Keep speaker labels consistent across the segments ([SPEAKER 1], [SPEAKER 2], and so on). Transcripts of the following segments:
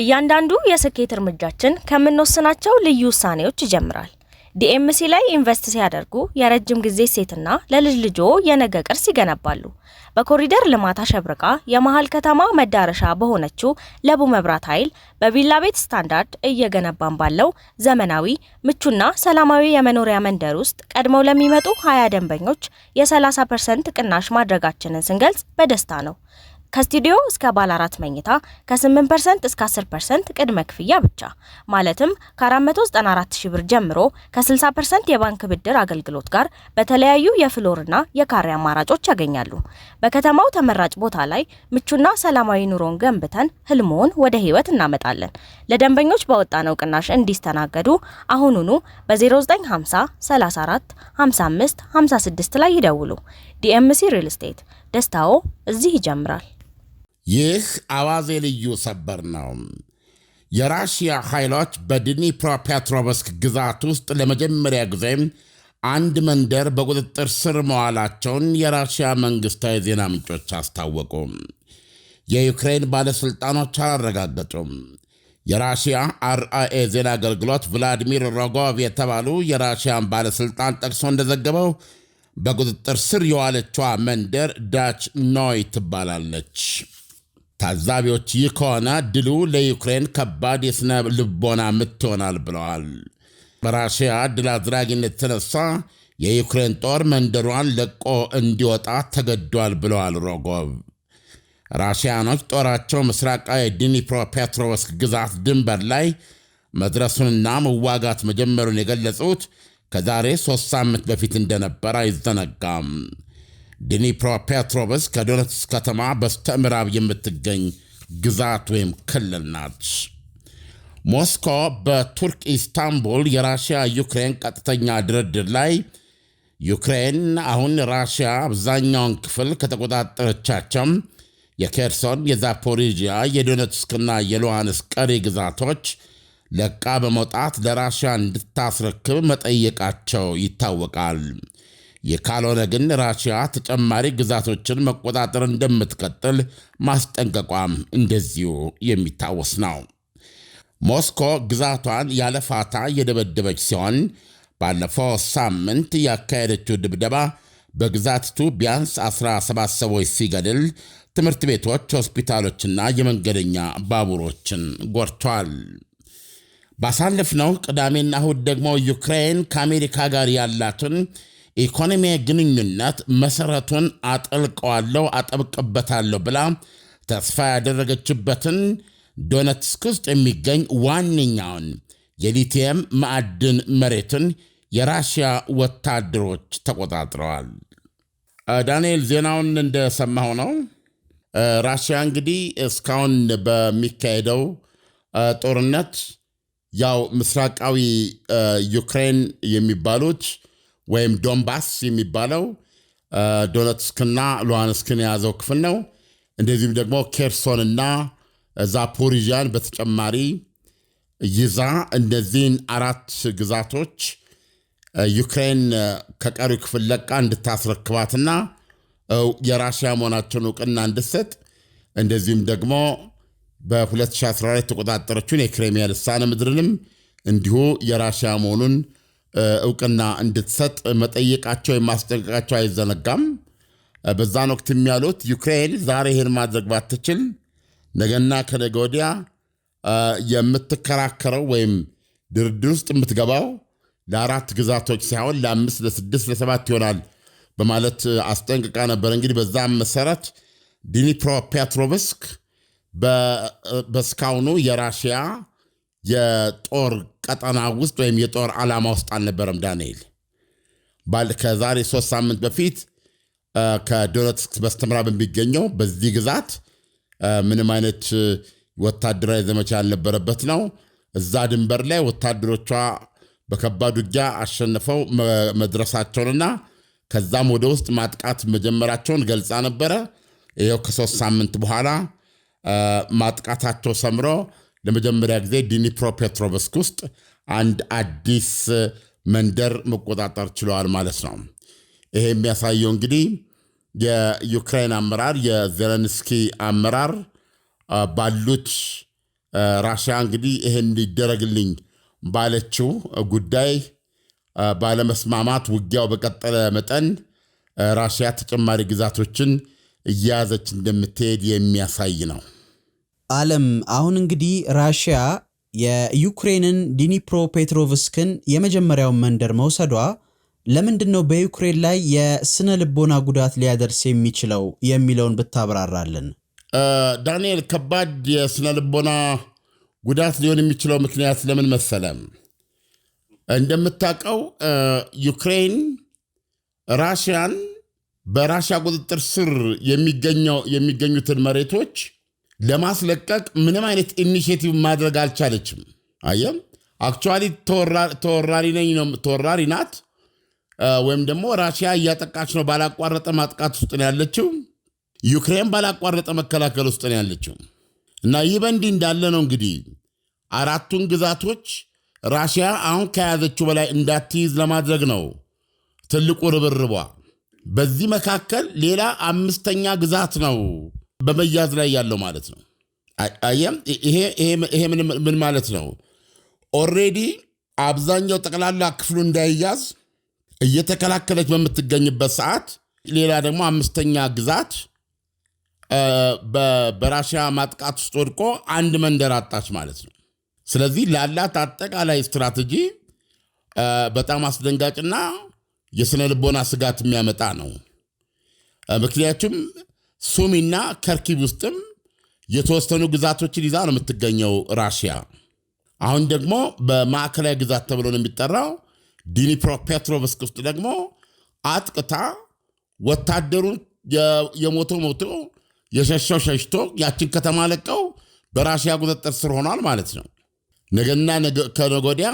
[SPEAKER 1] እያንዳንዱ የስኬት እርምጃችን ከምንወስናቸው ልዩ ውሳኔዎች ይጀምራል። ዲኤምሲ ላይ ኢንቨስት ሲያደርጉ የረጅም ጊዜ ሴትና ለልጅ ልጆ የነገ ቅርስ ይገነባሉ። በኮሪደር ልማት አሸብርቃ የመሀል ከተማ መዳረሻ በሆነችው ለቡ መብራት ኃይል በቪላ ቤት ስታንዳርድ እየገነባን ባለው ዘመናዊ ምቹና ሰላማዊ የመኖሪያ መንደር ውስጥ ቀድመው ለሚመጡ ሀያ ደንበኞች የ30 ፐርሰንት ቅናሽ ማድረጋችንን ስንገልጽ በደስታ ነው። ከስቱዲዮ እስከ ባለ አራት መኝታ ከ8 እስከ 10 ቅድመ ክፍያ ብቻ ማለትም ከ 494000 ብር ጀምሮ ከ60 የባንክ ብድር አገልግሎት ጋር በተለያዩ የፍሎርና የካሬ አማራጮች ያገኛሉ። በከተማው ተመራጭ ቦታ ላይ ምቹና ሰላማዊ ኑሮን ገንብተን ህልሞን ወደ ህይወት እናመጣለን። ለደንበኞች በወጣነው ቅናሽ እንዲስተናገዱ አሁኑኑ በ0950 34 55 56 ላይ ይደውሉ። ዲኤምሲ ሪል ስቴት ደስታዎ እዚህ ይጀምራል።
[SPEAKER 2] ይህ አዋዜ ልዩ ሰበር ነው። የራሽያ ኃይሎች በድኒፕሮ ፔትሮቭስክ ግዛት ውስጥ ለመጀመሪያ ጊዜ አንድ መንደር በቁጥጥር ስር መዋላቸውን የራሽያ መንግሥታዊ ዜና ምንጮች አስታወቁ። የዩክሬን ባለሥልጣኖች አላረጋገጡም። የራሽያ አርአኤ ዜና አገልግሎት ቭላዲሚር ሮጎቭ የተባሉ የራሽያን ባለሥልጣን ጠቅሶ እንደዘገበው በቁጥጥር ስር የዋለችዋ መንደር ዳች ኖይ ትባላለች። ታዛቢዎች ይህ ከሆነ ድሉ ለዩክሬን ከባድ የሥነ ልቦና ምትሆናል ብለዋል። በራሽያ ድል አድራጊነት የተነሳ የዩክሬን ጦር መንደሯን ለቆ እንዲወጣ ተገዷል ብለዋል ሮጎቭ። ራሽያኖች ጦራቸው ምስራቃዊ ዲኒፕሮ ፔትሮቭስክ ግዛት ድንበር ላይ መድረሱንና መዋጋት መጀመሩን የገለጹት ከዛሬ ሦስት ሳምንት በፊት እንደነበር አይዘነጋም። ድኒፕሮፔትሮቭስክ ከዶነትስ ከተማ በስተ ምዕራብ የምትገኝ ግዛት ወይም ክልል ናት። ሞስኮ በቱርክ ኢስታንቡል የራሽያ ዩክሬን ቀጥተኛ ድርድር ላይ ዩክሬን አሁን ራሽያ አብዛኛውን ክፍል ከተቆጣጠረቻቸው የኬርሶን፣ የዛፖሪዥያ፣ የዶነትስክና የሉሃንስ ቀሪ ግዛቶች ለቃ በመውጣት ለራሽያ እንድታስረክብ መጠየቃቸው ይታወቃል። የካልሆነ ግን ራሽያ ተጨማሪ ግዛቶችን መቆጣጠር እንደምትቀጥል ማስጠንቀቋም እንደዚሁ የሚታወስ ነው። ሞስኮ ግዛቷን ያለ ፋታ የደበደበች ሲሆን ባለፈው ሳምንት ያካሄደችው ድብደባ በግዛትቱ ቢያንስ 17 ሰዎች ሲገድል ትምህርት ቤቶች፣ ሆስፒታሎችና የመንገደኛ ባቡሮችን ጎድቷል። ባሳለፍነው ቅዳሜና እሁድ ደግሞ ዩክሬን ከአሜሪካ ጋር ያላትን ኢኮኖሚ ግንኙነት መሰረቱን አጠልቀዋለሁ አጠብቅበታለሁ ብላ ተስፋ ያደረገችበትን ዶነትስክ ውስጥ የሚገኝ ዋነኛውን የሊቲየም ማዕድን መሬትን የራሽያ ወታደሮች ተቆጣጥረዋል። ዳንኤል ዜናውን እንደሰማሁ ነው። ራሽያ እንግዲህ እስካሁን በሚካሄደው ጦርነት ያው ምስራቃዊ ዩክሬን የሚባሉት ወይም ዶንባስ የሚባለው ዶነትስክና ሉሃንስክን የያዘው ክፍል ነው። እንደዚሁም ደግሞ ኬርሶንና ዛፖሪዣን በተጨማሪ ይዛ እነዚህን አራት ግዛቶች ዩክሬን ከቀሪው ክፍል ለቃ እንድታስረክባትና የራሽያ መሆናቸውን እውቅና እንድትሰጥ እንደዚሁም ደግሞ በ2014 የተቆጣጠረችውን የክሬሚያ ልሳነ ምድርንም እንዲሁ የራሽያ መሆኑን እውቅና እንድትሰጥ መጠየቃቸው የማስጠንቀቃቸው አይዘነጋም። በዛን ወቅት የሚያሉት ዩክሬን ዛሬ ይህን ማድረግ ባትችል ነገና ከነገ ወዲያ የምትከራከረው ወይም ድርድር ውስጥ የምትገባው ለአራት ግዛቶች ሳይሆን ለአምስት፣ ለስድስት፣ ለሰባት ይሆናል በማለት አስጠንቅቃ ነበር። እንግዲህ በዛም መሰረት ዲኒፕሮ ፔትሮቭስክ በስካውኑ የራሽያ የጦር ቀጠና ውስጥ ወይም የጦር ዓላማ ውስጥ አልነበረም። ዳንኤል ከዛሬ ሶስት ሳምንት በፊት ከዶነትስክ በስተምራብ የሚገኘው በዚህ ግዛት ምንም አይነት ወታደራዊ ዘመቻ ያልነበረበት ነው። እዛ ድንበር ላይ ወታደሮቿ በከባድ ውጊያ አሸንፈው መድረሳቸውንና ከዛም ወደ ውስጥ ማጥቃት መጀመራቸውን ገልጻ ነበረ። ይኸው ከሶስት ሳምንት በኋላ ማጥቃታቸው ሰምሮ ለመጀመሪያ ጊዜ ዲኒፕሮ ፔትሮቭስክ ውስጥ አንድ አዲስ መንደር መቆጣጠር ችለዋል ማለት ነው። ይሄ የሚያሳየው እንግዲህ የዩክራይን አመራር የዘለንስኪ አመራር ባሉት ራሽያ እንግዲህ ይህን ሊደረግልኝ ባለችው ጉዳይ ባለመስማማት ውጊያው በቀጠለ መጠን ራሽያ ተጨማሪ ግዛቶችን እያያዘች እንደምትሄድ የሚያሳይ ነው።
[SPEAKER 3] አለም አሁን እንግዲህ ራሽያ የዩክሬንን ዲኒፕሮ ፔትሮቭስክን የመጀመሪያውን መንደር መውሰዷ ለምንድን ነው በዩክሬን ላይ የስነ ልቦና ጉዳት ሊያደርስ የሚችለው የሚለውን ብታብራራልን።
[SPEAKER 2] ዳንኤል፣ ከባድ የስነ ልቦና ጉዳት ሊሆን የሚችለው ምክንያት ለምን መሰለም? እንደምታውቀው ዩክሬን ራሽያን በራሽያ ቁጥጥር ስር የሚገኙትን መሬቶች ለማስለቀቅ ምንም አይነት ኢኒሽቲቭ ማድረግ አልቻለችም። አየም አክቹዋሊ ተወራሪ ናት ወይም ደግሞ ራሽያ እያጠቃች ነው። ባላቋረጠ ማጥቃት ውስጥ ነው ያለችው። ዩክሬን ባላቋረጠ መከላከል ውስጥ ነው ያለችው እና ይህ በእንዲህ እንዳለ ነው እንግዲህ አራቱን ግዛቶች ራሽያ አሁን ከያዘችው በላይ እንዳትይዝ ለማድረግ ነው ትልቁ ርብርቧ። በዚህ መካከል ሌላ አምስተኛ ግዛት ነው በመያዝ ላይ ያለው ማለት ነው። ይሄ ምን ማለት ነው? ኦሬዲ አብዛኛው ጠቅላላ ክፍሉ እንዳይያዝ እየተከላከለች በምትገኝበት ሰዓት ሌላ ደግሞ አምስተኛ ግዛት በራሽያ ማጥቃት ውስጥ ወድቆ አንድ መንደር አጣች ማለት ነው። ስለዚህ ላላት አጠቃላይ ስትራቴጂ በጣም አስደንጋጭና የስነ ልቦና ስጋት የሚያመጣ ነው። ምክንያቱም ሱሚና ከርኪቭ ውስጥም የተወሰኑ ግዛቶችን ይዛ ነው የምትገኘው ራሽያ። አሁን ደግሞ በማዕከላዊ ግዛት ተብሎ ነው የሚጠራው ዲኒፕሮ ፔትሮቭስክ ውስጥ ደግሞ አጥቅታ ወታደሩን የሞቶ ሞቶ የሸሸው ሸሽቶ ያችን ከተማ ለቀው በራሽያ ቁጥጥር ስር ሆኗል ማለት ነው። ነገና ከነገ ወዲያ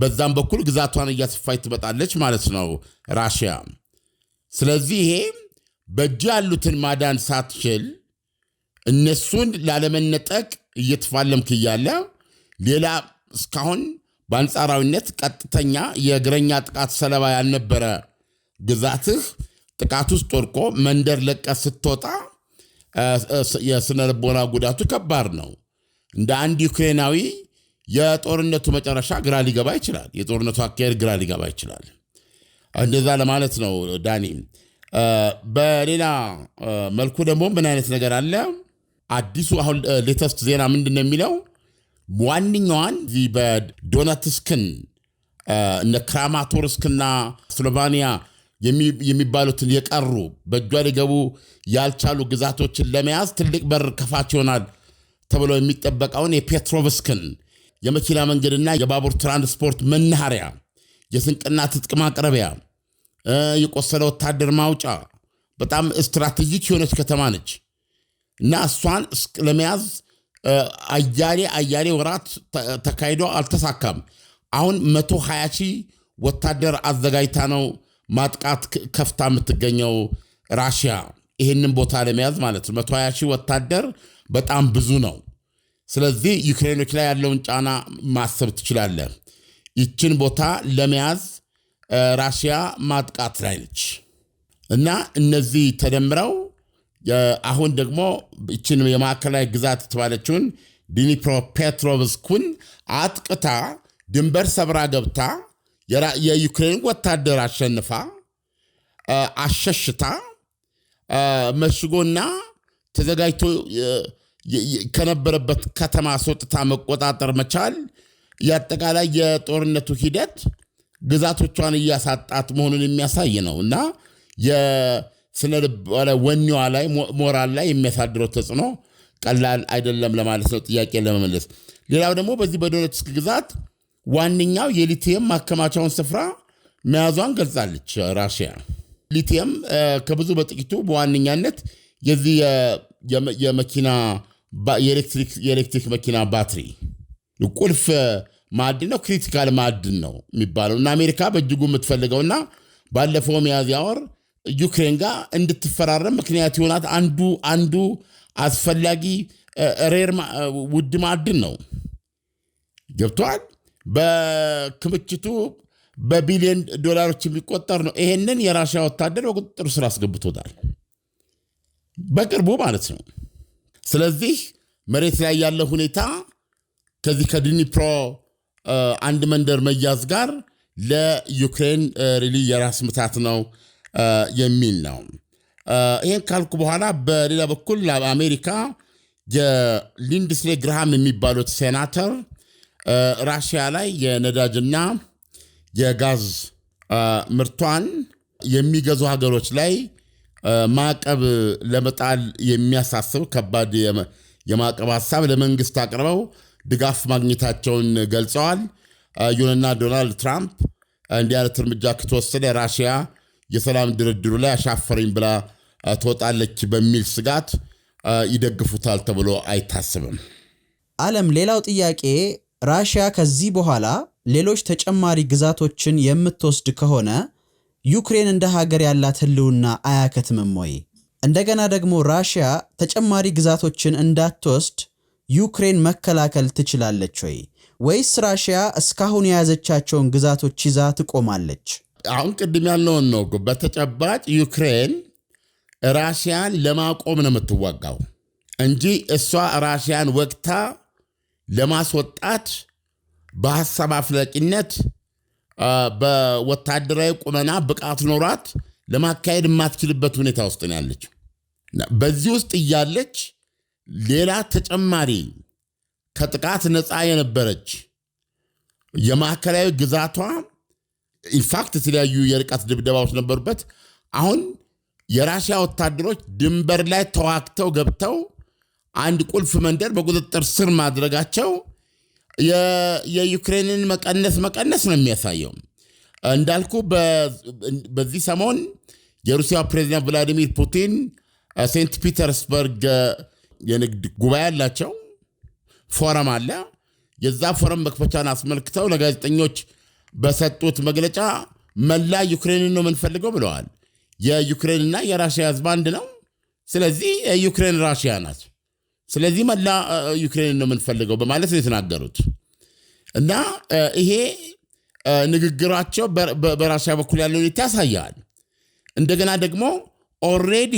[SPEAKER 2] በዛም በኩል ግዛቷን እያስፋች ትመጣለች ማለት ነው ራሽያ። ስለዚህ ይሄ በእጅ ያሉትን ማዳን ሳትችል እነሱን ላለመነጠቅ እየተፋለምክ እያለ ሌላ እስካሁን በአንጻራዊነት ቀጥተኛ የእግረኛ ጥቃት ሰለባ ያልነበረ ግዛትህ ጥቃት ውስጥ ወድቆ መንደር ለቀ ስትወጣ የስነ ልቦና ጉዳቱ ከባድ ነው። እንደ አንድ ዩክሬናዊ የጦርነቱ መጨረሻ ግራ ሊገባ ይችላል። የጦርነቱ አካሄድ ግራ ሊገባ ይችላል። እንደዛ ለማለት ነው ዳኒ። በሌላ መልኩ ደግሞ ምን አይነት ነገር አለ? አዲሱ አሁን ሌተስት ዜና ምንድን ነው የሚለው? ዋነኛዋን በዶነትስክን እነ ክራማቶርስክና ስሎቫኒያ የሚባሉትን የቀሩ በእጇ ሊገቡ ያልቻሉ ግዛቶችን ለመያዝ ትልቅ በር ከፋች ይሆናል ተብሎ የሚጠበቀውን የፔትሮቭስክን የመኪና መንገድና የባቡር ትራንስፖርት መናኸሪያ፣ የስንቅና ትጥቅ ማቅረቢያ የቆሰለ ወታደር ማውጫ በጣም ስትራቴጂክ የሆነች ከተማ ነች እና እሷን ለመያዝ አያሌ አያሌ ወራት ተካሂዶ አልተሳካም። አሁን መቶ ሀያ ሺህ ወታደር አዘጋጅታ ነው ማጥቃት ከፍታ የምትገኘው ራሽያ ይህንን ቦታ ለመያዝ ማለት ነው። መቶ ሀያ ሺህ ወታደር በጣም ብዙ ነው። ስለዚህ ዩክሬኖች ላይ ያለውን ጫና ማሰብ ትችላለህ። ይችን ቦታ ለመያዝ ራሽያ ማጥቃት ላይ ነች እና እነዚህ ተደምረው አሁን ደግሞ ይችን የማዕከላዊ ግዛት የተባለችውን ዲኒፕሮ ፔትሮቭስኩን አጥቅታ ድንበር ሰብራ ገብታ የዩክሬን ወታደር አሸንፋ አሸሽታ መሽጎና ተዘጋጅቶ ከነበረበት ከተማ አስወጥታ መቆጣጠር መቻል የአጠቃላይ የጦርነቱ ሂደት ግዛቶቿን እያሳጣት መሆኑን የሚያሳይ ነው እና የስነ ወኔዋ ላይ ሞራል ላይ የሚያሳድረው ተጽዕኖ ቀላል አይደለም ለማለት ነው። ጥያቄ ለመመለስ ሌላው ደግሞ በዚህ በዶኔትስክ ግዛት ዋነኛው የሊቲየም ማከማቻውን ስፍራ መያዟን ገልጻለች ራሽያ። ሊቲየም ከብዙ በጥቂቱ በዋነኛነት የዚህ የመኪና የኤሌክትሪክ መኪና ባትሪ ቁልፍ ማዕድን ነው፣ ክሪቲካል ማዕድን ነው የሚባለው እና አሜሪካ በእጅጉ የምትፈልገውና ባለፈው ሚያዝያ ወር ዩክሬን ጋር እንድትፈራረም ምክንያት የሆናት አንዱ አንዱ አስፈላጊ ሬር ውድ ማዕድን ነው። ገብቷል። በክምችቱ በቢሊዮን ዶላሮች የሚቆጠር ነው። ይሄንን የራሽያ ወታደር በቁጥጥሩ ስር አስገብቶታል፣ በቅርቡ ማለት ነው። ስለዚህ መሬት ላይ ያለ ሁኔታ ከዚህ ከድኒፕሮ አንድ መንደር መያዝ ጋር ለዩክሬን ሪሊ የራስ ምታት ነው የሚል ነው። ይህን ካልኩ በኋላ በሌላ በኩል አሜሪካ የሊንድስሌ ግርሃም የሚባሉት ሴናተር ራሽያ ላይ የነዳጅና የጋዝ ምርቷን የሚገዙ ሀገሮች ላይ ማዕቀብ ለመጣል የሚያሳስብ ከባድ የማዕቀብ ሀሳብ ለመንግስት አቅርበው ድጋፍ ማግኘታቸውን ገልጸዋል። ይሁንና ዶናልድ ትራምፕ እንዲህ አይነት እርምጃ ከተወሰደ ራሽያ የሰላም ድርድሩ ላይ አሻፈረኝ ብላ ትወጣለች በሚል ስጋት ይደግፉታል ተብሎ አይታስብም።
[SPEAKER 3] አለም፣ ሌላው ጥያቄ ራሽያ ከዚህ በኋላ ሌሎች ተጨማሪ ግዛቶችን የምትወስድ ከሆነ ዩክሬን እንደ ሀገር ያላት ህልውና አያከትምም ወይ? እንደገና ደግሞ ራሽያ ተጨማሪ ግዛቶችን እንዳትወስድ ዩክሬን መከላከል ትችላለች ወይ? ወይስ ራሽያ እስካሁን የያዘቻቸውን ግዛቶች ይዛ ትቆማለች?
[SPEAKER 2] አሁን ቅድም ያልነውን ነው። በተጨባጭ ዩክሬን ራሽያን ለማቆም ነው የምትዋጋው እንጂ እሷ ራሽያን ወቅታ ለማስወጣት በሀሳብ አፍላቂነት በወታደራዊ ቁመና ብቃት ኖሯት ለማካሄድ የማትችልበት ሁኔታ ውስጥ ነው ያለች። በዚህ ውስጥ እያለች ሌላ ተጨማሪ ከጥቃት ነፃ የነበረች የማዕከላዊ ግዛቷ ኢንፋክት የተለያዩ የርቀት ድብደባዎች ነበሩበት። አሁን የራሽያ ወታደሮች ድንበር ላይ ተዋግተው ገብተው አንድ ቁልፍ መንደር በቁጥጥር ስር ማድረጋቸው የዩክሬንን መቀነስ መቀነስ ነው የሚያሳየው። እንዳልኩ በዚህ ሰሞን የሩሲያ ፕሬዚዳንት ቭላዲሚር ፑቲን ሴንት ፒተርስበርግ የንግድ ጉባኤ አላቸው፣ ፎረም አለ። የዛ ፎረም መክፈቻን አስመልክተው ለጋዜጠኞች በሰጡት መግለጫ መላ ዩክሬንን ነው የምንፈልገው ብለዋል። የዩክሬንና የራሽያ ህዝብ አንድ ነው። ስለዚህ የዩክሬን ራሽያ ናት። ስለዚህ መላ ዩክሬንን ነው የምንፈልገው በማለት ነው የተናገሩት እና ይሄ ንግግራቸው በራሽያ በኩል ያለ ሁኔታ ያሳያል። እንደገና ደግሞ ኦልሬዲ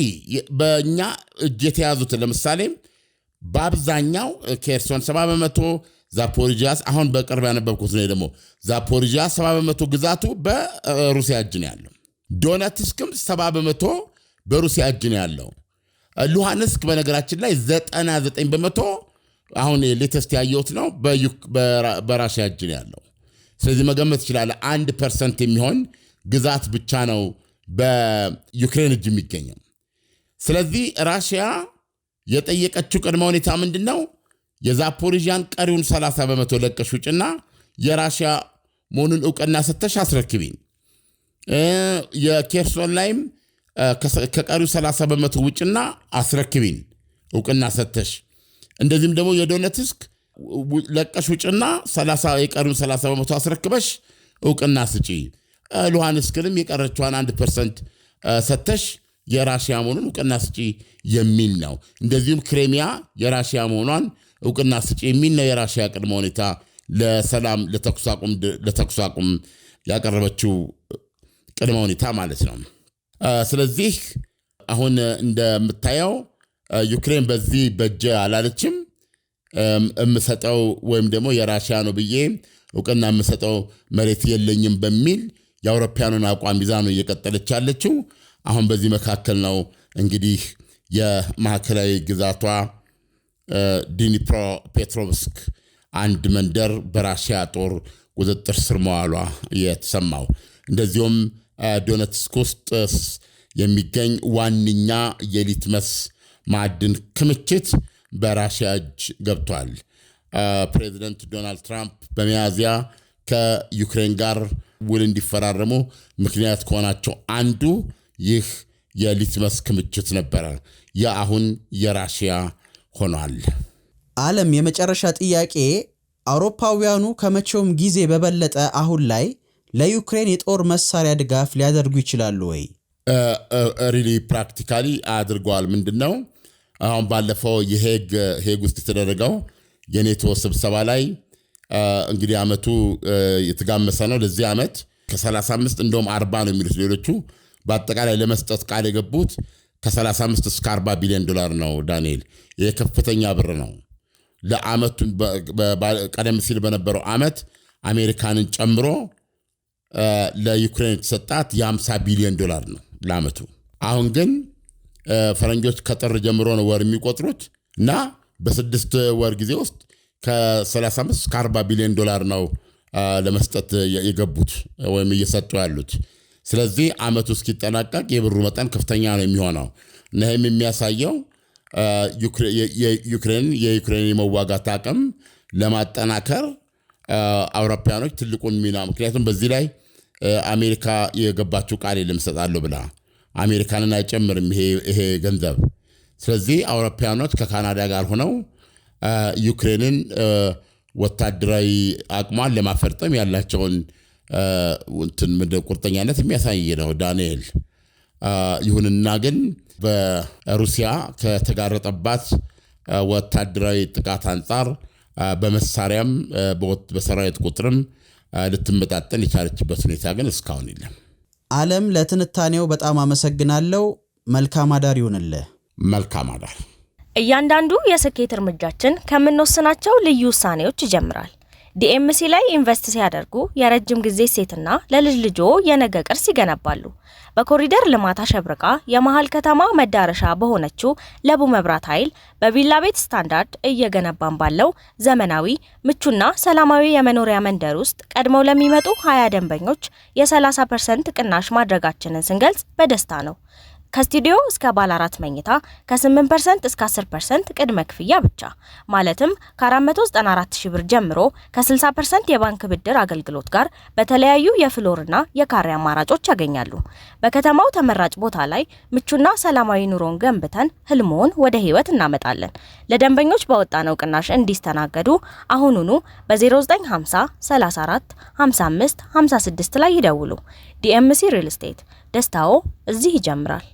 [SPEAKER 2] በእኛ እጅ የተያዙትን ለምሳሌ በአብዛኛው ኬርሶን 70 በመቶ ዛፖሪጂያስ አሁን በቅርብ ያነበብኩት ነው። ደግሞ ዛፖሪጂያ 70 በመቶ ግዛቱ በሩሲያ እጅ ነው ያለው። ዶነትስክም 70 በመቶ በሩሲያ እጅ ነው ያለው። ሉሃንስክ በነገራችን ላይ 99 በመቶ አሁን ሌተስት ያየሁት ነው በራሽያ እጅ ነው ያለው። ስለዚህ መገመት ይችላል አንድ ፐርሰንት የሚሆን ግዛት ብቻ ነው በዩክሬን እጅ የሚገኘው። ስለዚህ ራሽያ የጠየቀችው ቅድመ ሁኔታ ምንድን ነው? የዛፖሪዣን ቀሪውን 30 በመቶ ለቀሽ ውጭና የራሽያ መሆኑን እውቅና ሰተሽ አስረክቢን፣ የኬርሶን ላይም ከቀሪው 30 በመቶ ውጭና አስረክቢን እውቅና ሰተሽ፣ እንደዚህም ደግሞ የዶነትስክ ለቀሽ ውጭና የቀሪውን 30 በመቶ አስረክበሽ እውቅና ስጪ ሉሃንስክንም የቀረችዋን አንድ ፐርሰንት ሰተሽ የራሽያ መሆኑን እውቅና ስጪ የሚል ነው። እንደዚሁም ክሬሚያ የራሽያ መሆኗን እውቅና ስጪ የሚል ነው። የራሽያ ቅድመ ሁኔታ ለሰላም ለተኩስ አቁም ያቀረበችው ቅድመ ሁኔታ ማለት ነው። ስለዚህ አሁን እንደምታየው ዩክሬን በዚህ በጀ አላለችም። የምሰጠው ወይም ደግሞ የራሽያ ነው ብዬ እውቅና የምሰጠው መሬት የለኝም በሚል የአውሮፓያኑን አቋም ይዛ ነው እየቀጠለች ያለችው። አሁን በዚህ መካከል ነው እንግዲህ የማዕከላዊ ግዛቷ ዲኒፕሮ ፔትሮቭስክ አንድ መንደር በራሽያ ጦር ቁጥጥር ስር መዋሏ የተሰማው። እንደዚሁም ዶነትስክ ውስጥ የሚገኝ ዋነኛ የሊትመስ ማዕድን ክምችት በራሽያ እጅ ገብቷል። ፕሬዚደንት ዶናልድ ትራምፕ በሚያዝያ ከዩክሬን ጋር ውል እንዲፈራረሙ ምክንያት ከሆናቸው አንዱ ይህ የሊትመስ ክምችት ነበረ። ያ አሁን የራሽያ ሆኗል።
[SPEAKER 3] ዓለም የመጨረሻ ጥያቄ አውሮፓውያኑ ከመቼውም ጊዜ በበለጠ አሁን ላይ ለዩክሬን የጦር መሳሪያ ድጋፍ ሊያደርጉ ይችላሉ ወይ?
[SPEAKER 2] ሪሊ ፕራክቲካሊ አድርገዋል። ምንድን ነው አሁን ባለፈው የሄግ ሄግ ውስጥ የተደረገው የኔቶ ስብሰባ ላይ እንግዲህ አመቱ የተጋመሰ ነው። ለዚህ ዓመት ከ35 እንደውም 40 ነው የሚሉት ሌሎቹ። በአጠቃላይ ለመስጠት ቃል የገቡት ከ35 እስከ 40 ቢሊዮን ዶላር ነው። ዳንኤል ይህ ከፍተኛ ብር ነው። ለአመቱ ቀደም ሲል በነበረው አመት አሜሪካንን ጨምሮ ለዩክሬን የተሰጣት የ50 ቢሊዮን ዶላር ነው ለአመቱ። አሁን ግን ፈረንጆች ከጥር ጀምሮ ነው ወር የሚቆጥሩት እና በስድስት ወር ጊዜ ውስጥ ከ35 እስከ 40 ቢሊዮን ዶላር ነው ለመስጠት የገቡት ወይም እየሰጡ ያሉት። ስለዚህ አመቱ እስኪጠናቀቅ የብሩ መጠን ከፍተኛ ነው የሚሆነው ይህም የሚያሳየው ዩክሬን የዩክሬን የመዋጋት አቅም ለማጠናከር አውሮፓያኖች ትልቁን ሚና ምክንያቱም በዚህ ላይ አሜሪካ የገባችው ቃል የለም እሰጣለሁ ብላ አሜሪካንን አይጨምርም ይሄ ገንዘብ። ስለዚህ አውሮፓያኖች ከካናዳ ጋር ሆነው ዩክሬንን ወታደራዊ አቅሟን ለማፈርጠም ያላቸውን እንትን ቁርጠኛነት የሚያሳይ ነው ዳንኤል። ይሁንና ግን በሩሲያ ከተጋረጠባት ወታደራዊ ጥቃት አንጻር በመሳሪያም በሰራዊት ቁጥርም ልትመጣጠን የቻለችበት ሁኔታ ግን እስካሁን የለም።
[SPEAKER 3] አለም፣ ለትንታኔው በጣም አመሰግናለሁ። መልካም አዳር ይሆንልህ።
[SPEAKER 2] መልካም አዳር።
[SPEAKER 1] እያንዳንዱ የስኬት እርምጃችን ከምንወስናቸው ልዩ ውሳኔዎች ይጀምራል። ዲኤምሲ ላይ ኢንቨስት ሲያደርጉ የረጅም ጊዜ ሴትና ለልጅ ልጆ የነገ ቅርስ ይገነባሉ። በኮሪደር ልማት አሸብርቃ የመሀል ከተማ መዳረሻ በሆነችው ለቡ መብራት ኃይል በቪላ ቤት ስታንዳርድ እየገነባን ባለው ዘመናዊ ምቹና ሰላማዊ የመኖሪያ መንደር ውስጥ ቀድመው ለሚመጡ ሀያ ደንበኞች የ30 ፐርሰንት ቅናሽ ማድረጋችንን ስንገልጽ በደስታ ነው። ከስቱዲዮ እስከ ባለ አራት መኝታ ከ8 እስከ 10 ቅድመ ክፍያ ብቻ ማለትም ከ494 ሺህ ብር ጀምሮ ከ60 የባንክ ብድር አገልግሎት ጋር በተለያዩ የፍሎርና የካሬ አማራጮች ያገኛሉ። በከተማው ተመራጭ ቦታ ላይ ምቹና ሰላማዊ ኑሮን ገንብተን ህልሞን ወደ ህይወት እናመጣለን። ለደንበኞች ባወጣነው ቅናሽ እንዲስተናገዱ አሁኑኑ በ0950 34 55 56 ላይ ይደውሉ። ዲኤምሲ ሪል ስቴት ደስታዎ እዚህ ይጀምራል።